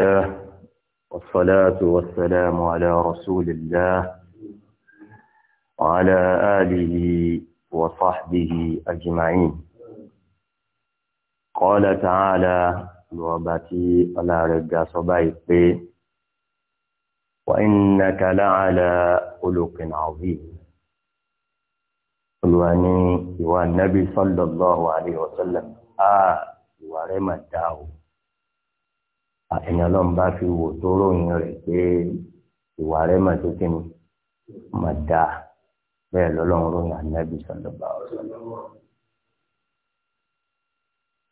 الله والصلاة والسلام على رسول الله وعلى آله وصحبه أجمعين قال تعالى لوبتي على رجع صبايك وإنك لعلى خلق عظيم olùwàní ìwà nàbí sallallahu alaihi wasallam a ìwà rẹ̀ mà ẹni ọlọ́run bá fi wò tó ròyìn rẹ̀ pé ìwà rẹ̀ mà tó kí ni mà dá bẹ́ẹ̀ lọ́lọ́run ròyìn ànábì sọ̀lọ́bà ọ̀sọ̀lọ́.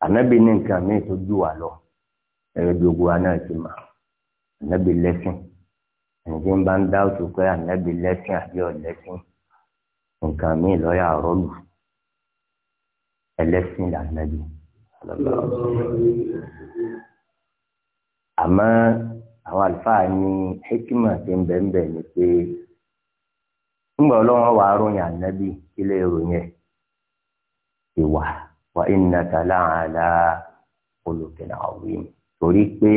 ànábì ní nǹkan míì tó jù wá lọ ẹ̀rọ bí ogun wa náà ti mà ànábì lẹ́sìn ẹ̀ǹdí ń bá ń dá òtún pé ànábì lẹ́sìn àbí ọ̀lẹ́sìn nǹkan míì lọ́yà rọ́lù ẹlẹ́sìn làǹdàbì àmọ́ àwọn àlùfáà ní hekima ti ń bẹ̀ẹ̀bẹ̀ ni pé ńgbà ọlọ́wọ́n wàá ròyìn ànábì kílé ròyìn ẹ̀ ìwà wà innaka la'ala khuluqin azim torí pé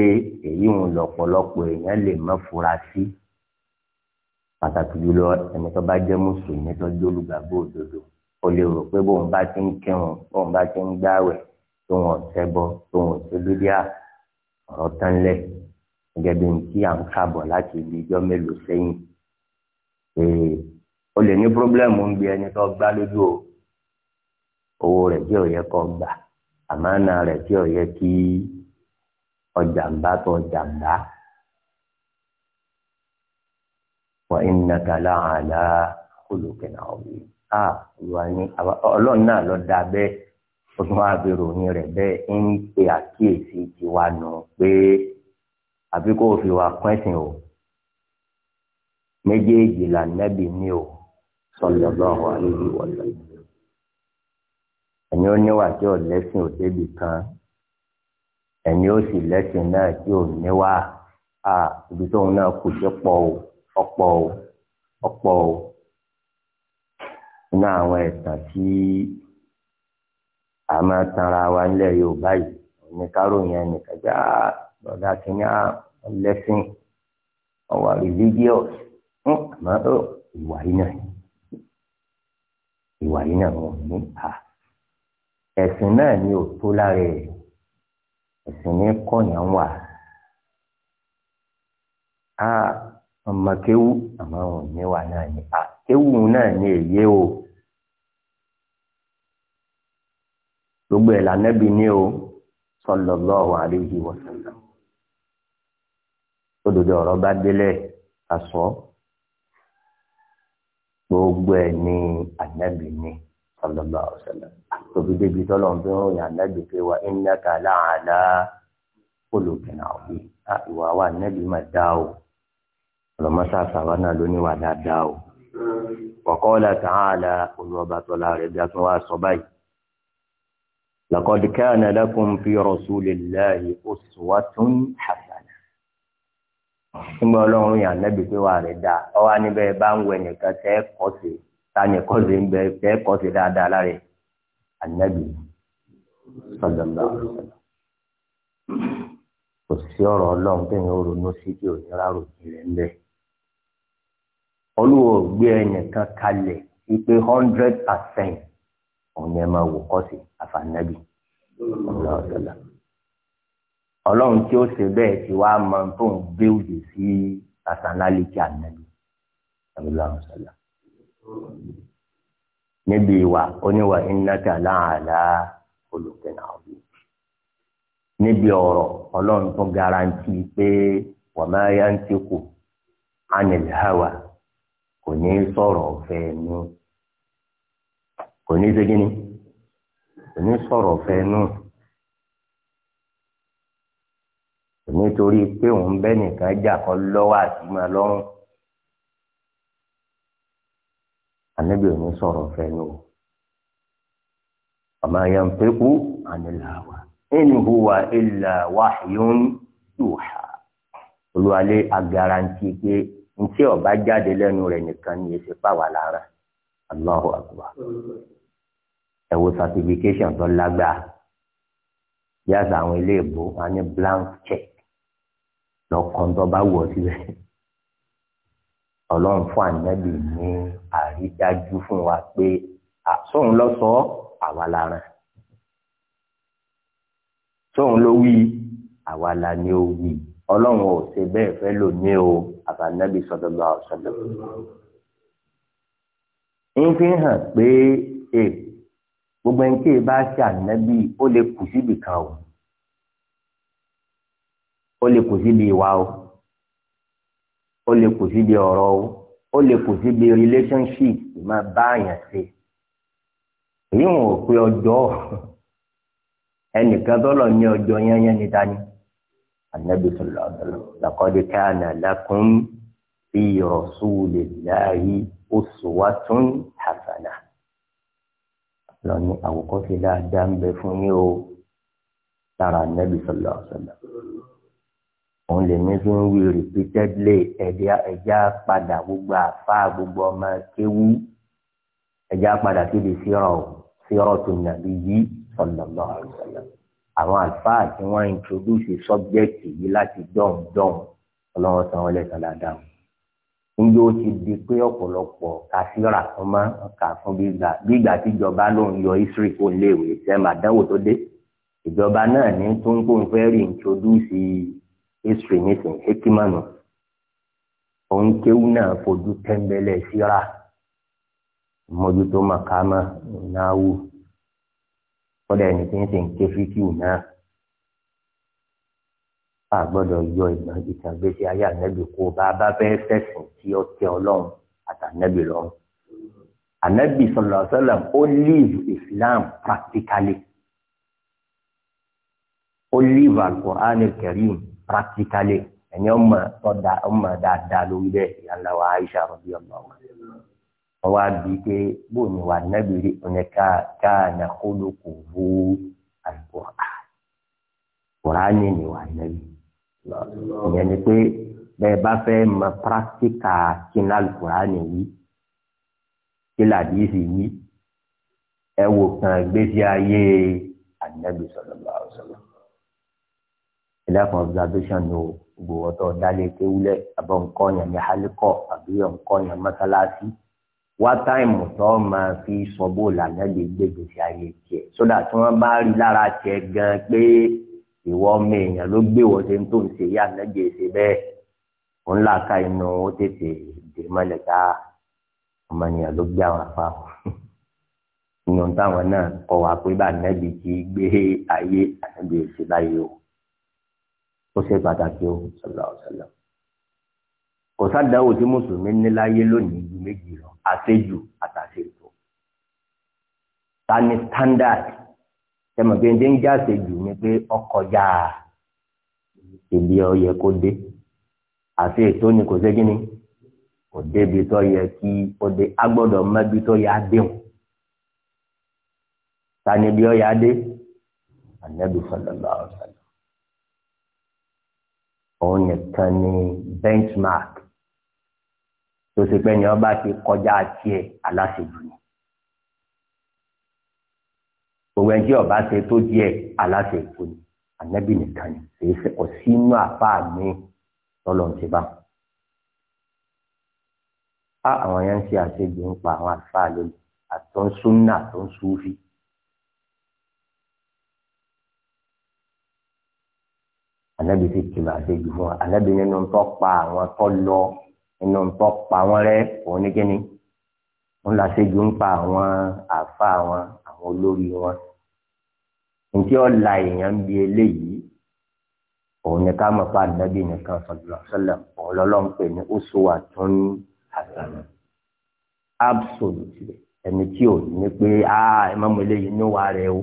èyí ń lọ́pọ̀lọpọ̀ èèyàn lè má fura sí pàtàkì jùlọ ẹni tó bá jẹ́ mùsùlùmí tó jólùgbàgbọ́ òdodo ó lè rò pé bóun bá ti ń kírun bóun bá ti ń gbáwẹ̀ tóun ọ̀sẹ̀ bọ́ tóun ọ̀sẹ̀ lódìá ọ̀rọ̀ tán lẹ̀ gẹ́gẹ́ bí tí à ń kàbọ̀ láti ibi ijọ́ mélòó sẹ́yìn pé o lè ní pírọ́blẹ́mù ń bi ẹni tó gbá lójú o owó rẹ̀ tí ò yẹ kó gbà àmánà rẹ̀ tí ò yẹ kí ọjàmbá tó ọjàmbá. wà innaka la'ala khuluqin 'azim. Ah, ọlọ́run náà lọ dáa bẹ́ẹ̀. ó tún wáá rẹ̀ bẹ́ẹ̀ ń pe àkíyèsí tiwa nù pé àfi kó o fi wá pẹ́sìn o méjèèjì là nẹ́bì ní o sallallahu alaihi wa sallam ó níwà tí ò lẹ́sìn ò kan ẹni ó sì lẹ́sìn náà tí ò níwà a ibi tóun náà kù sí o ọ̀pọ̀ o ọ̀pọ̀ o àwọn a máa tanra wa ńlẹ̀ yorùbá yìí òní káròyìn ẹnìkan já lọ́dà kínní lẹ́sìn ọwà religious hm, àmọ́ ìwà yìí náà ìwà yìí náà wọn ní à ẹ̀sìn náà ni ò tó lára ẹ̀ ẹ̀sìn ní kọ̀yàn wà á ọmọ kéwú àmọ́ òní wà náà ní à kéwú náà ní èyí o. gbogbo ẹ̀ lànẹ́bí ní o sallallahu alaihi wasallam òdodo ọ̀rọ̀ bá délẹ̀ àsọ gbogbo ẹ̀ ní ànẹ́bí ní sallallahu alaihi wasallam tóbi débi tọ́lọ̀ ń fi ń ròyìn ànẹ́bí pé wa innaka la'ala khuluqin azim ìwà wa ànẹ́bí máa dá o ọlọ́mọṣà sàwọn náà ló ní wà dáadáa o wa qala ta'ala olùwọ́ba rẹ̀ bí a tún wá sọ báyìí. لقد كان لكم في رسول الله أسوة حسنة nígbà ọlọ́run yàn nẹ́bi pé wà rẹ̀ dáa ọ wá níbẹ̀ bá ń wẹ̀ nìkan tẹ́ kọ́ sí ta ni kọ́ sí ń bẹ tẹ́ kọ́ sí dáadáa láre ànẹ́bi sọ̀dọ̀lá kò sí ọ̀rọ̀ ọlọ́run tẹ̀yìn ronú sí tí ò ní rárò ìrẹ̀ ń bẹ̀. olúwo gbé ẹnìkan kalẹ̀ wípé hundred percent òun ni ẹ máa wò kọ́sì àfànàbì ọlọ́ọ̀dọ́là ọlọ́run tí ó ṣe bẹ́ẹ̀ ti wá máa tó ń gbé òjò sí personality ànàbì níbi ìwà oníwà ìnáta láàlá olùkẹ́nà ọ̀bí níbi ọ̀rọ̀ ọlọ́run tó garanti pé wọ́n máa yá ń tẹ́kù ánìlẹ́hàwà kò kò ní ṣe gíní kò ní sọ̀rọ̀ fẹ́ náà kò ní torí pé òun bẹ́ nìkan jà kan lọ́wọ́ àti máa lọ́rùn ànábì ò sọ̀rọ̀ fẹ́ náà ọmọ yẹn ń pẹ́kú àníláwà in huwa illa wahyun yuha olùwàlẹ̀ agaranti pé ntí ọba jáde lẹ́nu rẹ̀ nìkan ní èsì pàwọ́ lára Allahu akbar ẹ wo certification tó lágbàá yàtọ̀ àwọn ilé ìbò wọn ní blank check lọ́kàn tó bá wọ̀ síbẹ̀ ọlọ́run fún ànábì ní àrídájú fún wa pé sóun lọ sọ àwa la rán sóun ló wí àwa la ni ó wí ọlọ́run ò ṣe bẹ́ẹ̀ fẹ́ lò ní o àbánábì sallallahu alaihi wasallam ń fi hàn pé èpè gbogbo ẹni tí ì bá ṣe ànábì ó lè kù síbi kan o ó lè kù síbi ìwà o ó lè kù síbi ọ̀rọ̀ o ó lè kù síbi relationship máa bá àyàn ṣe èyí wọn ò pé ọjọ́ ẹnìkan tọ́lọ̀ ní ọjọ́ yányán ní dání ànábì sallallahu alaihi wasallam laqad kana lakum fi rasulillahi uswatun hasanah lọ́ni àwòkọ́ṣe dáadáa ń bẹ fún yín o lára nẹ́bí sọ̀lá ọ̀sọ̀lá. òun lè ní fún wí repeatedly ẹ̀já padà gbogbo àfa gbogbo ọmọ kéwú ẹ̀já padà síbi sírọ̀ tó nàbí yí sọ̀lá ọ̀sọ̀lá. àwọn àfa tí wọ́n introduce subject yìí láti dọ̀hùn ọlọ́wọ́ sanwó-ẹlẹ́sàn dáadáa níbi ó ti di pé ọ̀pọ̀lọpọ̀ kàfíọ́rà kan máa ń kà fún gbígbà gbígbà tíjọba ló ń yọ history kó léèwé sẹ́mu àdánwò tó dé ìjọba náà ní tó ń kó ń fẹ́ rí introduce history nísìnyí hekimanu òun kéwú náà fojú tẹ́ńbẹ́lẹ́ síra mójútó màkàmá náà wù kọ́dà ẹni tí ń sìn kéfíkìú náà a gbọ́dọ̀ yọ ìtàgbésí ayé ànẹ́bì kó bá a bá fẹ́ sẹ̀sìn tí ó tẹ ọlọ́run àtànẹ́bì lọ́rùn. ànẹ́bì sallallahu alaihi wasallam ó live Islam practically ó live al-Qur'an practically ẹni ọmọ ọdà ọmọ dáadáa lórí bẹ́ẹ̀ ìyànlá wa Aisha radiyallahu anha wọn wá bíi pé bóun ni wà ànẹ́bì rí ọ̀nẹ́ kana khuluquhu al-Qur'an Qur'an ni wà ànẹ́bì ìyẹn ni pé bẹ́ẹ̀ bá fẹ́ mọ pírátíkà kíná alukurani yìí kílà díìsì yìí ẹ wò kàn gbèsè ayé anabi sallallahu alaihi wasallam ẹlẹ́kùn observation o gbòòtọ́ dálé kéwúlẹ̀ àbọ̀ nkọ́yàn ní hálíkọ̀ àbí nkọ́yàn mọ́sálásí wá táìmù tó máa fi sọ bó lànà lè gbé gbèsè ayé tiẹ̀ sódà tí wọ́n bá rí lára tiẹ̀ gan pé ìwọ ọmọ èèyàn ló gbé wọ́n ṣe ń tó ń ṣe yá nàgbé e ṣe bẹ́ẹ̀ òun là ká inú ó tètè dè mọ́lẹ̀ ká ọmọ ènìyàn ló gbé àwọn afá wọn ìyọ̀n táwọn náà kọ́ wa pé bá nàbì kí gbé ayé ànábì èsì láyé o ó ṣe pàtàkì o sọlá ọ̀sọ̀lá kò sádàáwò tí mùsùlùmí ní láyé lónìí ju méjì lọ àṣejù àtàṣe ètò ta standard tẹmọ pé ndé ń jáse jù ni pé ọkọjá ibi ọyẹ kó dé àti ètò ni kò ségi ni kò débi tó yẹ kí ó dé agbọ́dọ̀ mẹbi tó yẹ adéhùn tani bí ọyẹ adé anabi sallallahu alaihi wasallam òun nìkan ni benchmark tó ṣe pé ni ọba ti kọjá tiẹ̀ aláṣejù ni gbogbo ẹni tí ọba ṣe tó díẹ̀ aláṣẹ èkó ni ànábì nìkan ni èyí ṣe kò sínú àpá mi lọ́lọ́ ti bá. a àwọn yẹn ń ṣe àṣejù ń pa àwọn àfáà lónìí àtọ́nsúnà àtọ́nsúfì. ànábì ti kìlọ̀ àṣejù fún wa ànábì nínú tó pa àwọn tó lọ nínú tó pa wọn rẹ òun ní kíni wọn làṣejù ń pa àwọn àfa àwọn àwọn olórí wọn njẹ́ ọ̀la èèyàn bí eléyìí òun ni ká mọ̀ pa ànábì nìkan sọ̀lọ̀ òun lọ́lọ́run pè ní oṣùwà tó ń àtàlù absolutely ẹni tí ò ní pé ẹ má mú eléyìí níwàá rẹ o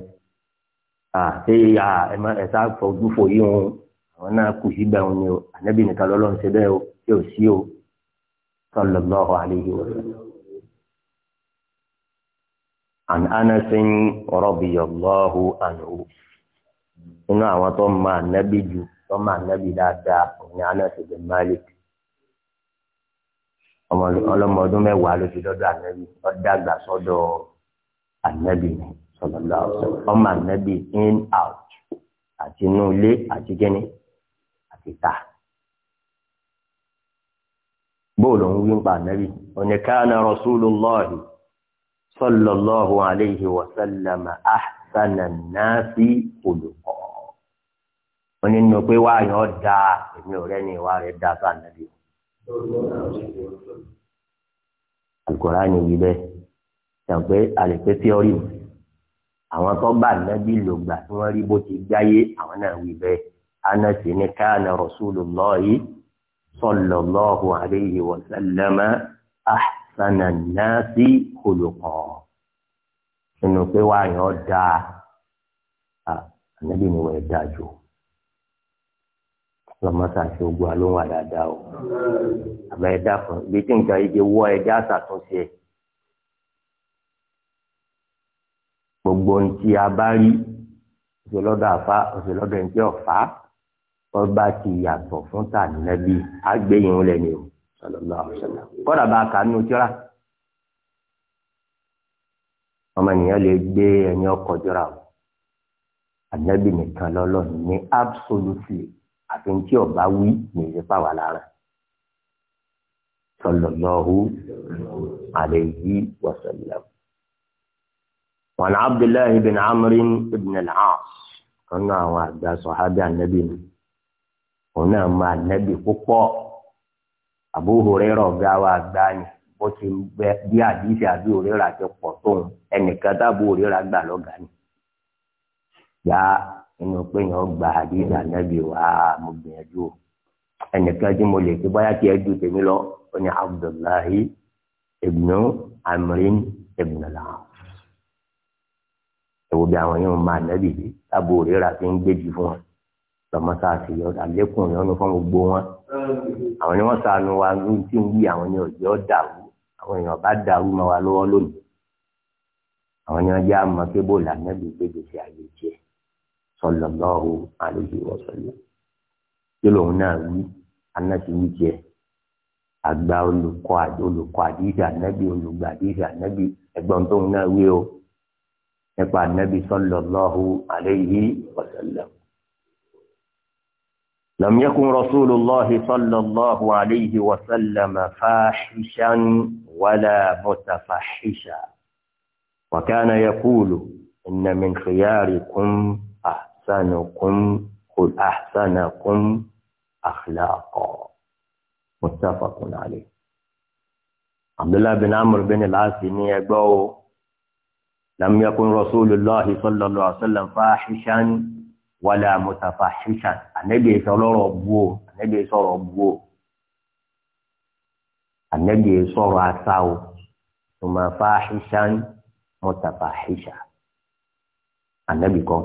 àti ẹ̀sà fojúfò yìí wọn àwọn náà kù síbẹ̀ wọn ni o ànábì nìkan lọ́lọ́run ṣe bẹ́ẹ̀ o tí ò sí o sallallahu alaihi wasallam. An أنس رضي الله عنه inú àwọn tó ma nábì jù tó ma nábì dáadáa ní Anas bin Malik ọlọ́mọdún mẹ́wàá ló fi lọ́dọ̀ ànábì ọ̀dàgbà sọ́dọ̀ ànábì ọmọ anabi in out àti inú ilé àti gẹ́ni àti ta bóòlù ń wí ń pa sallallahu alayhi wa sallam ahsana nasi olùkọ́ wọn nínú pé wá yàn da èmi ò rẹ́ni ìwà rẹ̀ da sáà nàbí o alukóra ni yìí bẹ́ẹ̀ sàn pé àlèpé tíọ́rì mi àwọn tó bá nàbí lògbà tí wọ́n rí bó ti gbáyé àwọn náà wí bẹ́ẹ̀ anasi ni káàna rasulullahi sallallahu alayhi wa sallam ahsana. Sana nasi khuluqan nínú pé wàá yàn ọ́ dáa ànábì ni wọ́n ẹ̀ dáa jù lọ́mọ́sá ṣe ogun alóhùn àdáadáa o àmọ́ ẹ dákun ibi tí nǹkan yìí ti wọ́ ẹja àṣàtúnṣe ẹ̀ gbogbo ohun tí a bá rí òṣèlọ́dọ̀ àfa òṣèlọ́dọ̀ ẹ̀ ń tí ọ̀fà ọba ti yàtọ̀ fún tànàbí àgbéyìn lẹ́nu o. kọ́dà bá a kà nínú ọmọ ènìyàn lè gbé ẹni ọkọ̀ jọra o ànábì nìkan lọ́lọ́run ní absolutely àfi tí ọba wí ní ìrẹ́pà wà lára sọlọ́lọ́hu àlèyí wọ̀sọ̀lọ́. وعن عبد الله بن عمرو بن العاص أنا Abu Hurairah ọ̀gá wa gbá ni bó ti gbẹ bí àdìsí àbí òrera ti pọ̀ tóun ẹnìkan tábù òrera gbà lọ́gàá ni. Yá inú pé yẹn gba àdìsí ànábì wá mo gbìyànjú o. Ẹnìkan tí mo lè fi báyà kí ẹ ju tèmi lọ, ó ní Abdullahi ibnu Amrin ibnu Al-As ẹ̀wò bí àwọn yóò máa nẹ́bì yìí tábò rírà ń gbèjì fún wọn lọmọsá àti àlékún ìyọnu fún gbogbo wọn àwọn ni wọn sànù wa ní tí ń yí àwọn ni òjò dàrú àwọn èèyàn bá dàrú mọ́ wa lọ́wọ́ lónìí àwọn ni wọn jẹ àmọ́ kébò lànàbí gbèdéṣe àyè jẹ sallallahu alaihi wasallam kí lòun náà wí anásí wí jẹ àgbà olùkọ́ olùkọ́ àdìsí ànábì olùgbà àdìsí ànábì ẹ̀gbọ́n tóun náà wí o nípa ànábì sallallahu alaihi wasallam. لم يكن رسول الله صلى الله عليه وسلم فاحشا ولا متفحشا وكان يقول إن من خياركم أحسنكم قل أحسنكم أخلاقا متفق عليه عبد الله بن عمرو بن العاص لم يكن رسول الله صلى الله عليه وسلم فاحشا wàlà mùtàfà ṣíṣà ànẹ́bí sọ̀rọ̀ bu o ànẹ́bí sọ̀rọ̀ bu o ànẹ́bí sọ̀rọ̀ asa o tùmàfà ṣíṣà mùtàfà ṣíṣà ànẹ́bí kọ́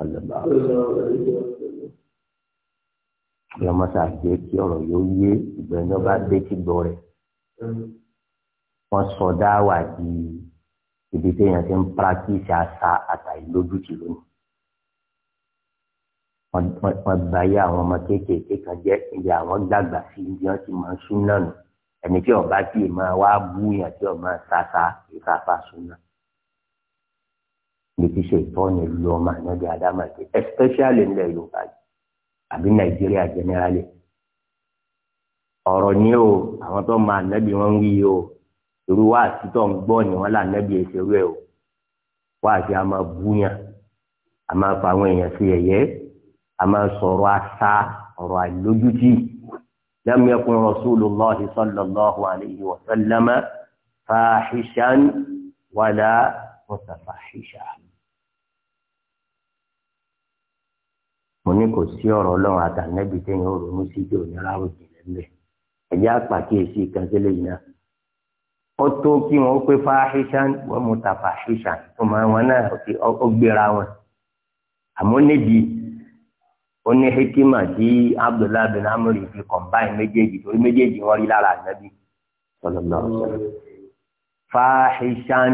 ọ̀lẹ́bà. ìyá mọ́sá jẹ́ kí ọ̀rọ̀ yóò yé ìgbẹ́ni ọba dé tí gbọ́ rẹ̀ wọ́n sọ dáwà di ibi téèyàn ti ń pàrákìsì àṣà àtàlélójútì lónìí wọ́n bá yá àwọn ọmọ kéékèèké kan jẹ́ ibi àwọn gbàgbà sí ibi wọ́n ti máa sún náà nù ẹni tí ọba tí máa wá bú yàn tí ọba sáfà ìfàfà sún náà lèti ṣe ìtọ́ni lu ọmọ ànábi adama ṣe especially ilẹ̀ yorùbá àbí nàìjíríà generally ọ̀rọ̀ ni o àwọn tó máa ànábi wọn wí o irú wá àtúntò ń gbọ́ ni wọ́n là ànábi ìṣerú ẹ̀ o wá àti àmọ́ búyàn àmọ́ fa àwọn èèyàn sí ẹ̀yẹ́ a máa sọ̀rọ̀ asá ọ̀rọ̀ àìlójútì lam yakun rasulullahi sallallahu alayhi wa sallam fahishan wala mutafahisha. mo ní kò sí ọ̀rọ̀ ọlọ́run àtànẹ́bí tẹ́yìn ó ronú sí ìjọ onírà òjì lẹ́lẹ̀ ẹ̀jẹ̀ àpàkíyèsí kan yìí náà ó tó kí wọn ó pé fáhíṣán wọn mú ta fáhíṣán máa wọn náà ó gbéra wọn àmọ́ níbi ó ní hekima tí abdullahi bin amuri fi combine méjèèjì torí méjèèjì wọn rí lára ànábì sallallahu alaihi wasallam fahishan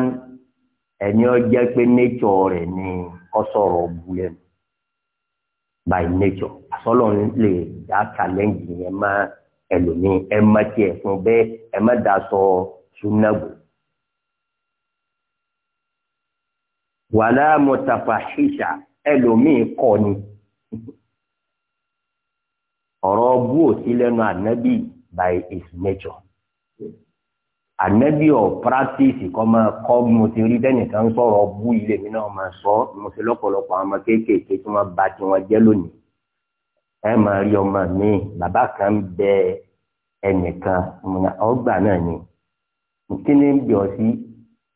ẹni ó jẹ pé nature rẹ ni ó sọ̀rọ̀ ọbú by nature àsọlọ lè dá challenge yẹn má ẹlòmíín ẹ má tiẹ̀ fún bẹ́ẹ̀ ẹ má dá sọ sunago. wàlá mutafahisha ẹlòmíín kọ́ ni. ọ̀rọ̀ bú òsí lẹ́nu ànábì by his nature ànábì ọ̀ practice kọ́ máa kọ́ mo ti rí tẹ́nìkan ń sọ̀rọ̀ bú ilé mi náà máa sọ mo ti lọ́pọ̀lọpọ̀ àwọn ọmọ kéékèèké tí wọ́n bá tí wọ́n jẹ́ lónìí ẹ máa rí ọmọ mi bàbá kan bẹ ẹnìkan ọgbà náà ni kí ni ń bí ọ sí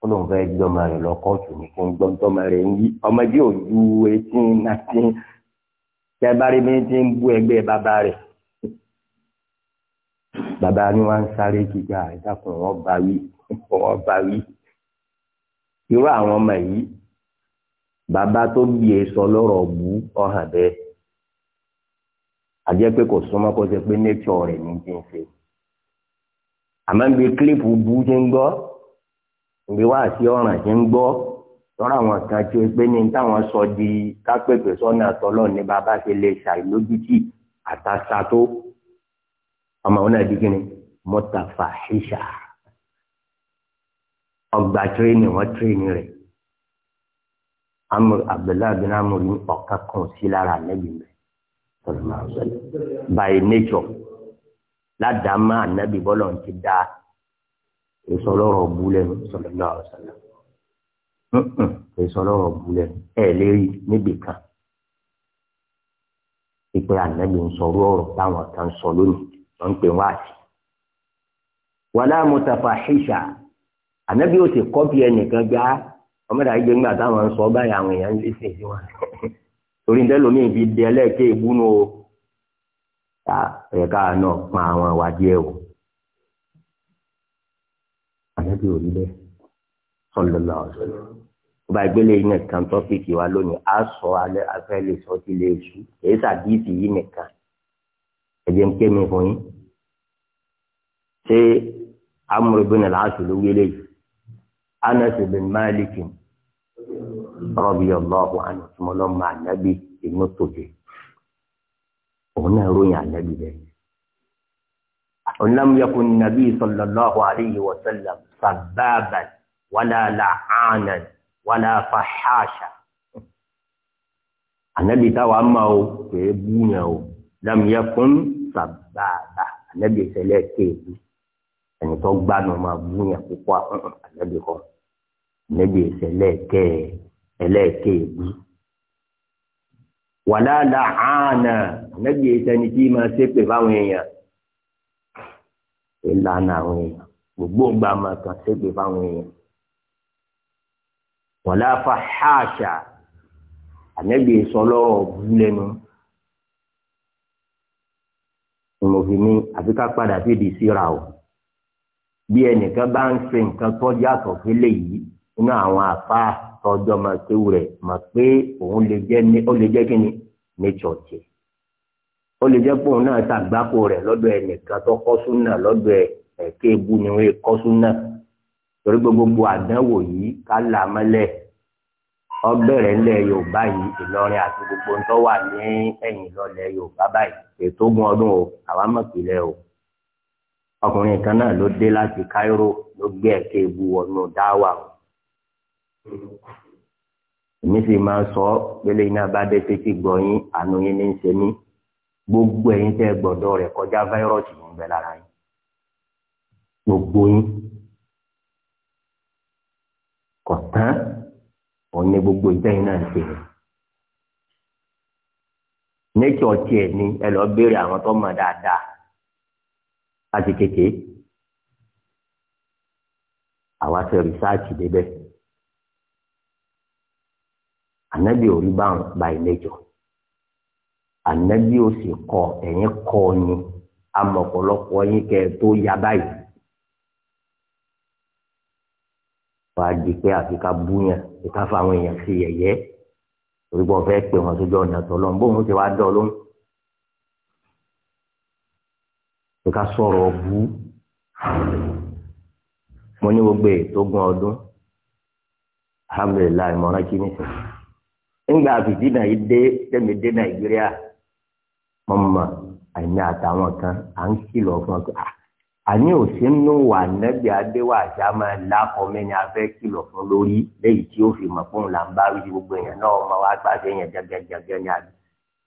olóhùn fẹ́ gbé ọmọ rẹ̀ lọ kóòtù ní kí n gbọ́ ọmọ rẹ̀ ń yí ọmọdé ò ju eighteen nineteen tẹ́bárí bí ti ń bú ẹgbẹ́ bàbá rẹ̀ bàbá ni wọ́n ń sáré kíkà ìdákùn wọn bá wí wọn bá wí irú àwọn ọmọ yìí bàbá tó bí e sọ lọ́rọ̀ bú ọ̀hàn bẹ́ẹ̀ àjẹ́ pé kò súnmọ́ kó ṣe pé nature rẹ̀ ní ti ń ṣe àmọ́ ń clip bú ti ń gbọ́ ń wá sí ọ̀ràn ti ń gbọ́ tọ́ra àwọn kan tí ó pé ní táwọn sọ di kápẹ́pẹ́ sọ́nà tọ́lọ́ ní bàbá ṣe lè ṣàìlójútì àtàṣà tó ọmọ òun náà di kíni mọ́tàfà ṣíṣà ọgbà tírénì wọn tírénì rẹ̀ amúr abdullahi bin amúr ní ọ̀kan kan sí lára ànábì rẹ̀ sọlọ́mọ àwùjọ by nature ládàámá ànábì bọ́lọ̀ ti dá ìsọlọ́rọ̀ bú lẹ́nu sọlọ́mọ àwùjọ. kì í sọ̀rọ̀ ọ̀bùlẹ̀ ẹ̀ lérí níbì kan ìpè ànábì ń sọ̀rọ̀ ọ̀rọ̀ táwọn kan sọ lónìí wọ́n ń pè wá àti. wàlá mutafahisha ànábì ó ti kọ́ bí ẹnìkan gbá ọmọdé àyíjẹ ńgbà táwọn ń sọ báyìí àwọn èèyàn ń lé sí ìdí wọn torí nítorí lómi ìfi di ẹlẹ́ẹ̀kẹ́ ìbúnú o sọlọlọ ọsọlọ tó bá gbélé yìí nìkan tọ́pìkì wa lónìí a sọ alẹ́ afẹ́ lè sọ ti lè su èyí sàdíìsì yìí nìkan ẹ̀jẹ̀ ń ké mi fún yín ṣé amúre bí nàlá aṣọ ló wílé yìí Anas bin Malik radiyallahu anhu àtúmọ̀lọ́ máa nábì inú tòde òun náà ròyìn ànábì bẹ́ẹ̀. lam yakun nabi sallallahu alayhi wa sallam sabbaban wàlá làánà wàlá fàṣàṣà ànábì táwa máa o kèé búyàn o lámìyẹ fún sàbàbà ànábì ìṣẹlẹ kéèbù ẹni tó gbádùn máa búyàn púpọ̀ ànábì kọ ànábì ìṣẹlẹ kéè ẹlẹ́ẹ̀kéèbù wàlá làánà ànábì ìṣẹni tí máa ṣépè fáwọn èèyàn ìlànà àwọn èèyàn gbogbo ìgbà máa kàn ṣépè fáwọn èèyàn wọlé afa haṣa ànẹ́bí sọlọ́rọ̀ bú lẹ́nu ìmọ̀fin ní àfi ká padà sí di síra o bí ẹnìkan bá ń ṣe nǹkan tó yàtọ̀ fẹ́lẹ̀ yìí nínú àwọn àfa tọjọ́ máa kéwù rẹ̀ mà pé òun lè jẹ́ ó lè jẹ́ kí ni nature tiẹ̀ ó lè jẹ́ pé òun náà ṣàgbákò rẹ̀ lọ́dọ̀ ẹnìkan tó kọ́ súnà lọ́dọ̀ ẹ̀ ẹ̀kẹ́ ebu ni wọ́n kọ́ súnà torí gbogbo àdánwò yìí ká là mọ́lẹ̀ ọbẹ̀rẹ̀ ńlẹ̀ yorùbá yìí ìlọrin àti gbogbo ń tọ́wà ní ẹ̀yìn lọ́lẹ̀ yorùbá báyìí ètò ogún ọdún o àwa mọ̀ pìlẹ̀ o ọkùnrin kan náà ló dé láti Cairo ló gbé ẹ̀kẹ́ ebu wọnú dáwà o èmi sì máa sọ pélé iná bá dé títí gbọ̀yìn àánú yín ní í ṣe mí gbogbo ẹ̀yin tẹ́ gbọ́dọ̀ rẹ̀ kọjá fáírọ́ọ̀sì ń bẹ lára yín gbogbo yín kò tán òun ni gbogbo ìtẹ́yìn náà ń ṣe rẹ̀. nẹ́tì ọtí ẹ̀ ni ẹ lọ béèrè àwọn tó mọ̀ dáadáa láti kékeré àwa ṣe rìsáàtì débẹ̀ ànábì ò rí báwọn by nature ànábì ò sì kọ ẹ̀yìn kọ́ ni amọ̀pọ̀lọpọ̀ yín kẹ́ ẹ tó ya báyìí. wàá di pé àfi ká búyàn ìka fáwọn èèyàn sí yẹ̀yẹ́ torí pé ọ̀fẹ́ pè wọ́n sójú ọ̀nà tọ́lọ́ bóun ti wá dán lóhùn ìka sọ̀rọ̀ bú mo ní gbogbo ètò ogún ọdún alhamdulilayi mo rántí nísìnyí nígbà fìdínà yìí dé tẹ́mi dé nàìjíríà mo mọ̀ àìní àtàwọn kan à ń kìlọ̀ fún ọ pé ah àní òsínú wà nẹ́bí adéwà àṣà máa lákọ̀ mẹ́ni afẹ́ kìlọ̀ fún lórí léyìí tí ó fi mọ̀ fún là ń bá rí gbogbo èèyàn náà ọmọ wa pàṣẹ yẹn jẹgẹjẹgẹ ní àbí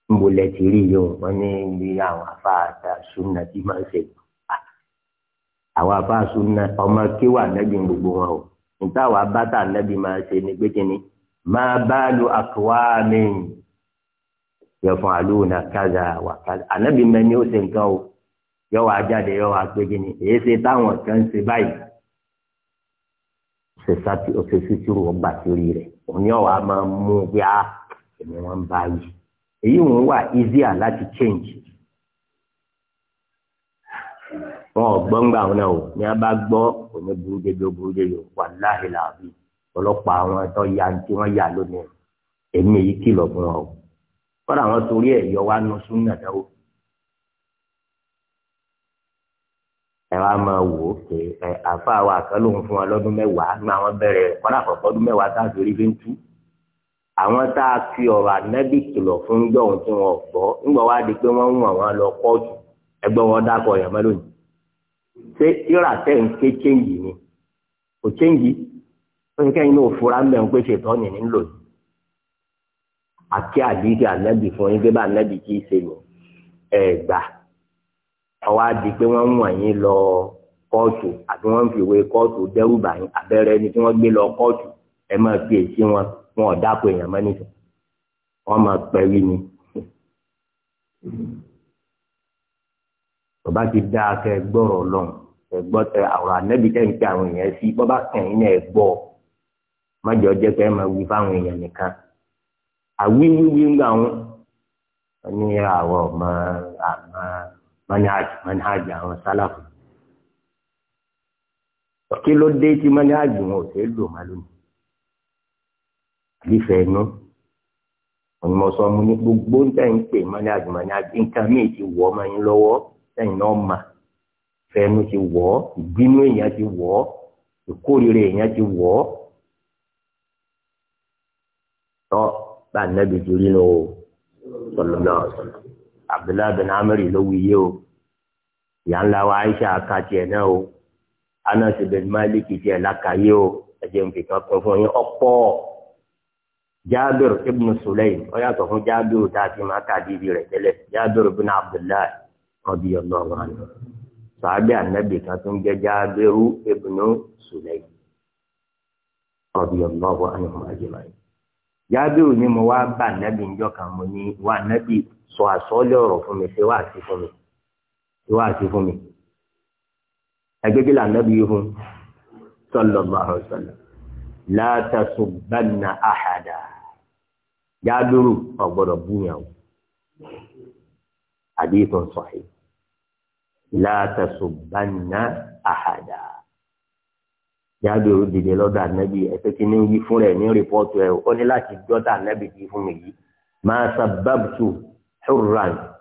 níbo lẹ ti rí yìí wọn ní ibi àwọn afáàtà súnà tí máa ń ṣe àwọn afáà súnà ọmọ kéwà nẹ́bí gbogbo wọn o níta wàá bàtà nẹ́bí máa ṣe ní pé kíni máa bá lu àkùwá mi yẹ fún àlùna yọ wá jáde yọ wá pé ni èyí ṣe táwọn kan ṣe báyìí ṣe sátì ọṣẹ sítúrù ọgbà sórí rẹ òní ọwọ a máa mú ah, bí a èmi wọn bá yìí èyí wọn wà easier láti change wọn ò gbọ́ ńgbà wọn náà o ní a bá gbọ́ òní burú débi burú débi wà láàyè làbí ọlọ́pàá àwọn ẹ̀tọ́ ya ní tí wọ́n yà lónìí èmi èyí kìlọ̀ fún ọ kọ́dà wọn torí ẹ̀ yọ wá nu súnà dáwọ́ ẹ wá máa wò ó pé ẹ àfa wa kan lòun fún wa lọ́dún mẹ́wàá ní àwọn bẹ̀rẹ̀ kọ́dà kọ̀ọ̀kan ọdún mẹ́wàá tá a fi rí fi ń tú àwọn tá a fi ọ̀rọ̀ ànábì kìlọ̀ fún jọ̀hún tí wọ́n gbọ́ ńgbà wá di pé wọ́n ń wọ̀n wọn lọ kóòtù ẹgbẹ́ wọn dákọ̀ ọ̀yàn mẹ́lòó ni ṣé tíra tẹ̀ ń ké chéǹgì ni kò chéǹgì ó ní kẹ́yìn náà fura ń bẹ̀ ń pé ṣètọ́ ni nílò ni àti àdìgẹ ànábì fún yín gbé bá ànábì kì í ṣe ni ẹ̀ gbà ọwọ́ adi pé wọ́n ń wọ̀nyí lọ kóòtù àbí wọ́n ń fìwé kóòtù dẹ́rùbà yín abẹ́rẹ́ ni tí wọ́n gbé lọ kóòtù ẹ máa fi èsì wọn wọn ò dáko èèyàn mọ́ nìkan wọ́n máa pẹ́rí ni. bàbá ti dá akẹ́ gbọ́rọ̀ lọ́n ẹ gbọ́ tẹ àwọn anẹ́bí tẹ̀ ń pe àwọn èèyàn sí bọ́bá kẹ̀yìn náà ẹ gbọ́ májọ jẹ́ pé ẹ máa wí fáwọn èèyàn nìkan àwíwíwí ń gbà wọn ní àwọn ọmọ àmọ́ manhaj manhaj àwọn sálàfù kí ló dé tí manhaj wọn ò fẹ́ lò má lónìí àbífẹ́ inú ònìmọ̀ sọ mo ní gbogbo ń tẹ̀ ń pè manhaj manhaj nǹkan míì ti wọ̀ ọmọ yín lọ́wọ́ tẹ̀yìn náà mà fẹ́nu ti wọ̀ ìbínú èèyàn ti wọ̀ ìkórìíra èèyàn ti wọ̀ tọ́ bá nẹ́bi ti lọ́wọ́ sọlọ́lá ọ̀sán abdullahi bin amiri ló wí yé o ìyá ńlá wa aisha aka tiẹ̀ náà o anas bin malik tiẹ̀ lákàyé o ẹ̀jẹ̀ nfìkan kún fún yín ọ̀pọ̀ jabir ibn sulaim ó yàtọ̀ fún jabir tá a ti máa ka dídì rẹ̀ tẹ́lẹ̀ jabir bin abdullahi radiyallahu anhu sàábẹ́ ànábì kan tó ń jẹ́ jabir ibn sulaim radiyallahu anhu àjẹmáyé jabir ni mo wá bá ànábì ńjọ́ kan mo ní wá ànábì sọ àsọlẹ̀ ọ̀rọ̀ fún mi pé wá àti fún mi pé wá àti fún mi ẹgbẹ́ kí lànà bí fún sallallahu alaihi wasallam la tasubbanna ahada jáàdúró ọ̀gbọ́dọ̀ búyàn o hadithun sahih la tasubbanna ahada jáàdúró dìde lọ́dọ̀ ànábì ẹ̀fẹ́ kí ní yí fún rẹ̀ ní rìpọ́ọ̀tù ẹ̀ ó ní láti jọ́dọ̀ ànábì yí fún mi yìí ma sabbabtu. حرا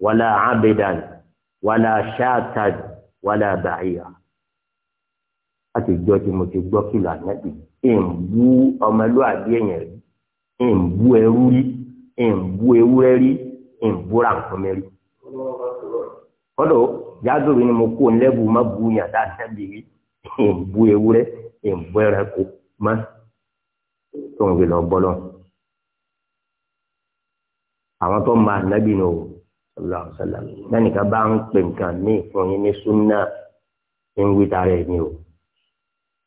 ولا عبدا ولا shatan ولا bàyà láti gbọ́ tí mo ti gbọ́ kìlọ̀ ànábì ń bú ọmọlúwàbí èèyàn rí ń bú ẹrú rí ń bú ewúrẹ́ rí ń bú ràǹkọ́mẹ́ rí. kọ́dọ̀ jágòrò ni mo kó lẹ́bù má bu yàn dáadáa rí ń bú ewúrẹ́ ẹranko má tó ń lọ bọ́lọ́ àwọn tó máa nábì nù o sallallahu alaihi wasallam lẹ́nìkan bá ń pè nǹkan ní ìfún yín ní súnà ń wí tara ẹ̀ ní o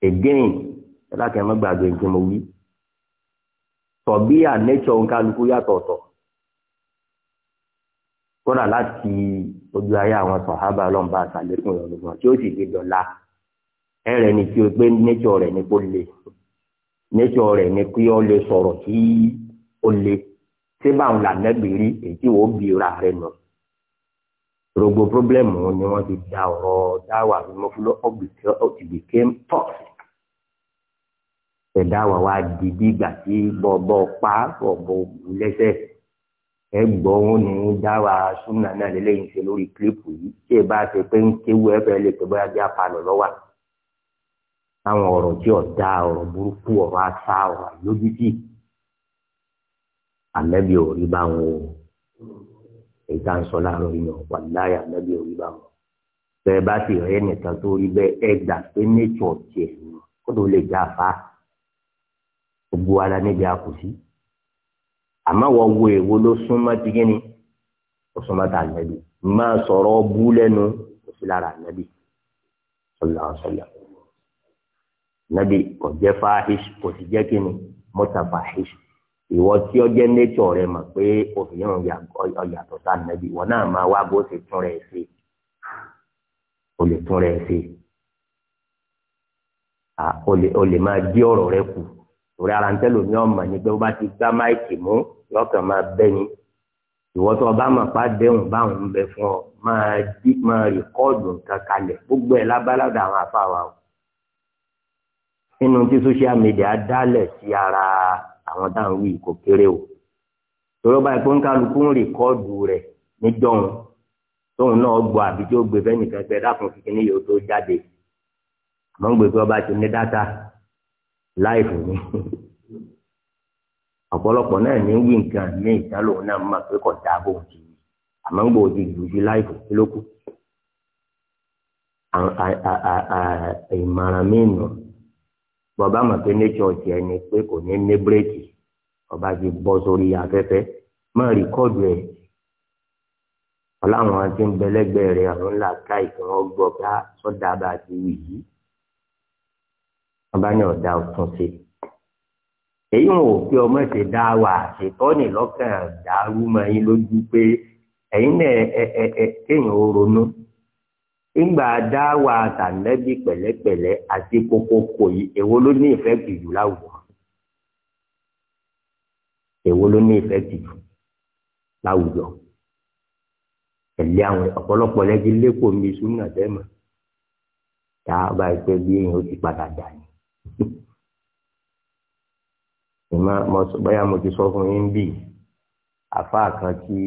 again ẹlẹ́kẹ̀ẹ́ má gbàgbé nǹkan mo wí tọ̀bí ànẹ́tsọ̀ nkálukú yàtọ̀ ọ̀tọ̀ kódà láti ojú ayé àwọn sọ̀hábà lọ́nba àtàlẹ́kùn ìrọ̀lùmọ̀ tí ó sì fi dọ̀la ẹ̀rẹ̀ ni tí o pé nature rẹ̀ ni kò le nature rẹ̀ ni kí ọ lè sọ̀rọ̀ tí ó le ṣé báwọn là nẹ́bì rí èyí wò ó bi ra rẹ nù. rogbo pírọ́blẹ́mù ni wọ́n ti da ọ̀rọ̀ dáwà mímọ́fúlọ́ ọ̀gbìn became toxic. ẹ̀dáwà wa di bí ìgbà tí bọ́ọ̀bọ́ pa bọ́ọ̀bọ́ lẹ́sẹ̀ ẹ gbọ́ wọn ní dáwà súnà náà lélẹ́yìn ṣe lórí kílípù yìí tí ẹ bá ṣe pé ń kéwu ẹ fẹ́ lè pẹ́ bóyá bí apalọ̀ lọ́wọ́ àwọn ọ̀rọ̀ tí ọ̀dà ọ̀rọ̀ burúkú ọ̀rọ̀ asá ọ̀rọ̀ àyójútì ànábì ò rí bá wọn o èyí tá à ń sọ láàárọ̀ yìí wà láyà ànábì ò rí bá wọn bẹ́ẹ̀ bá sì rẹ nìkan tó rí bẹ́ẹ̀ ẹ gbà pé nẹtsọ tiẹ̀ kó tó lè já fa gbogbo ara níbi àkùsí àmọ́ wọ́n wo èwo ló súnmọ́ ti kí ni ó súnmọ́ tà ànábì máa sọ̀rọ̀ bú lẹ́nu kò sí lára ànábì sọlá sọlá ànábì kò jẹ́ fáhíṣ kò sì jẹ́ kí ni mọ́tàfáhíṣ ìwọ tí ó jẹ́ nẹ́tọ̀ rẹ mọ̀ pé òfin ọ̀yàtọ̀ sáà nàbí ìwọ náà máa wá bó ṣe tún rẹ̀ ṣe o lè tún rẹ̀ ṣe o lè máa dí ọ̀rọ̀ rẹ kù torí ara ń tẹ́lẹ̀ ní ọmọ ni pé ó bá ti gbá máìkì mú lọ́kàn máa bẹ́ ìwọ tó o bá mọ̀ pa dẹ́hùn báwọn ń bẹ fún ọ máa dí máa rìkọ́ọ̀dù nǹkan kalẹ̀ gbogbo ẹ̀ lábáládà àwọn àfáà o nínú tí social media dálẹ̀ sí ara àwọn dáhùn wí kò kéré o torí ọba ìpín kálukú ń rìkọ́ọ̀dù rẹ̀ níjọ́hun tóun náà gbọ́ àbí tí ó gbé fẹ́ nìkan pé dákun fi kíní yòó tó jáde àmọ́ ń gbé pé ọba ti ní dáta láìfù ni ọ̀pọ̀lọpọ̀ náà ní wí nǹkan ní ìdánlò náà mọ̀ pé kò dáa bó ti wí àmọ́ ń gbọ́ òdi jù sí láìfù kí ló kù ìmọ̀ràn mí nù bọ́ba mọ̀ pé nature ti ẹni pé kò ní ní bírèkì ọba ti bọ́ sórí afẹ́fẹ́ má rìkọ́dù ẹ̀ ọláwọn ti ń bẹlẹ́gbẹ́ rẹ̀ àwọn ńlá káì tí wọ́n gbọ́ ká ah, sọ́dà bá ti wì yí ọba ní ọ̀dà ọ̀tún sí èyí wọn ò fi ọmọ ṣe dá wà ṣètọ́nì lọ́kàn dàrú mọ́ yín lójú pé ẹ̀yin náà ẹ ẹ ẹ kéèyàn ó ronú ńgbà dáwà àtànẹ́bí pẹ̀lẹ́pẹ̀lẹ́ àti kókókó yìí èwo ló ní ìfẹ́ jù láwùjọ èwo ló ní ìfẹ́ jù láwùjọ pẹ̀lẹ́ àwọn ọ̀pọ̀lọpọ̀ lẹ́jì lẹ́kọ̀ọ́ mi súnà tẹ́mọ̀ tá a bá pẹ́ bí èèyàn ó ti padà dà ní. ìmọ̀ báyà mo ti sọ fún yín bì àfáà kan tí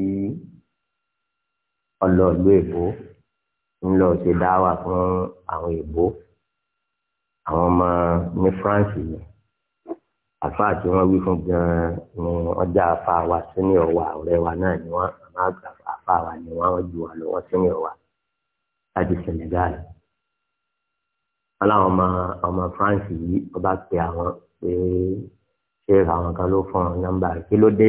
ọlọ́ọ̀lú èkó ńlọ ṣe dáwà fún àwọn èèbó àwọn ọmọ ní France yìí àfa tí wọ́n wí fún gan-an ni wọ́n já àfa wa sínú ọ̀wà ọ̀rẹ́ wa náà ni wọ́n àmọ́ àfa wa ni wọ́n ju wa lọ́wọ́ sínú ọ̀wà láti Senegal aláwọn ọmọ ọmọ France yìí ọba pe àwọn pé ṣé àwọn kan ló fún ọ nọ́mbà kí ló dé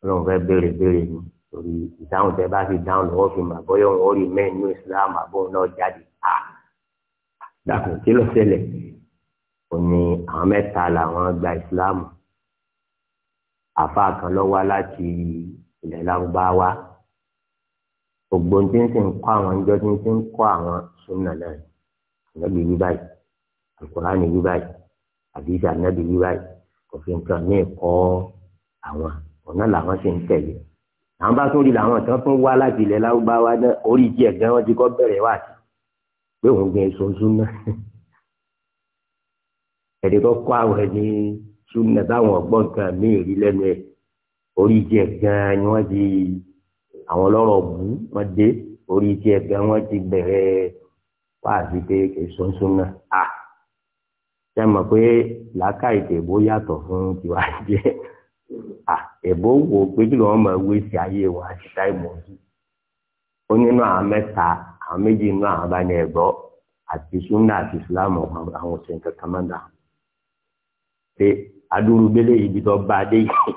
Ọlọ́run fẹ́ béèrè béèrè ni torí ìdáhùn tẹ bá fi dáhùn lọ́wọ́ fi mà bọ́yọ̀ wọn rí mẹ́nu islam àbóhùn náà jáde á dàkún kí ló ṣẹlẹ̀ ó ní àwọn mẹ́ta làwọn gba islam àfa kan lọ wá láti ilẹ̀ lárúbáwá gbogbo tí ń sìn kọ́ àwọn ìjọ tí ń sìn kọ́ àwọn súnà náà ànábì wí báyìí àkùránì wí báyìí àdìsí ànábì wí báyìí kò fi ní ẹ̀kọ́ àwọn ọ̀nà làwọn sì ń tẹ̀lé àwọn bá tún rí làwọn kan tún wá láti ilẹ̀ láwùbáwá náà orí díẹ̀ gan wọ́n ti kọ́ bẹ̀rẹ̀ wá sí pé òun gbin èso súnà ẹ̀dẹ̀ tó kọ́ àwọn ẹni súnà táwọn ọ̀gbọ́n kan míì rí lẹ́nu ẹ̀ orí díẹ̀ gan ni wọ́n ti àwọn ọlọ́rọ̀ bú wọ́n dé orí díẹ̀ gan wọ́n ti bẹ̀rẹ̀ wá sí pé èso súnà ṣe mọ̀ pé làákàyè tèbó yàtọ̀ fún tiwa díẹ̀. èbó wò pé kí ló wọn máa wé sí ayé wa àti táìmù yìí ó nínú àwọn mẹ́ta àwọn méjì nínú àwọn bá ní àti sunna àti islam àwọn òsèǹ kankan máa dà pé adúrúgbélé yìí bí tó bá dé yìí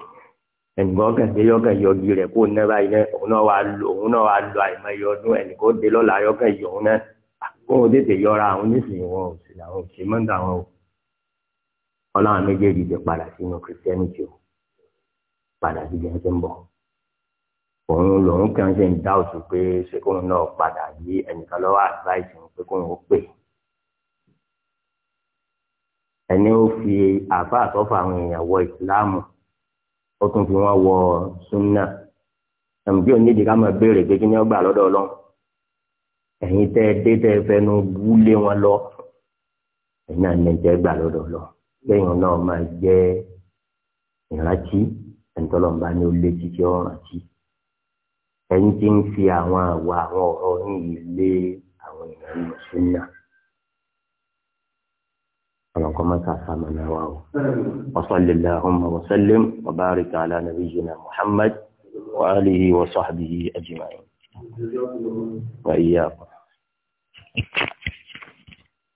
ẹnìkan kẹsẹ yọkàn yọgi rẹ kó nẹ báyìí náà òun náà wàá lọ òun náà wàá lọ àìmọye ọdún ẹnìkan dé lọ́la yọkàn yọ òun náà kóun tètè yọra àwọn onísìnyí wọn ò sí àwọn òsèǹ máa dà wọn o ọlọ́run méjèèjì ti padà sínú christianity o padà sí bí wọ́n ṣe ń bọ̀ òun lòun kàn ṣe ń dá òtún pé ṣé kóun náà padà yí ẹnìkan lọ́wọ́ advice òun pé kóun ó pè ẹni ó fi àfa àtọ́fà àwọn èèyàn wọ ìsìláàmù ó tún fi wọ́n wọ súnà ẹ̀mùdí ò nídìí ká máa béèrè pé kí ni ó gbà lọ́dọ̀ ọlọ́run ẹ̀yin tẹ́ ẹ dé tẹ́ ẹ fẹnu wú lé wọn lọ ẹ̀yin náà ní ẹ̀ gbà lọ́dọ̀ ọlọ́run lẹ́yìn náà máa jẹ́ ìrántí ẹ̀ńtọ́lọ́mbà ni ó lé títí ọ̀ràn tí ẹni tí ń fi àwọn àwa àwọn ọ̀rọ̀ yìí lé àwọn èèyàn nínú súnà ọlọ́nkọ́ mọ́ta sàmánà wa o wasalila ọmọ wasalim wabarika ala nabiyina muhammad wa alihi wa sahbihi ajma'in wa iyyakum.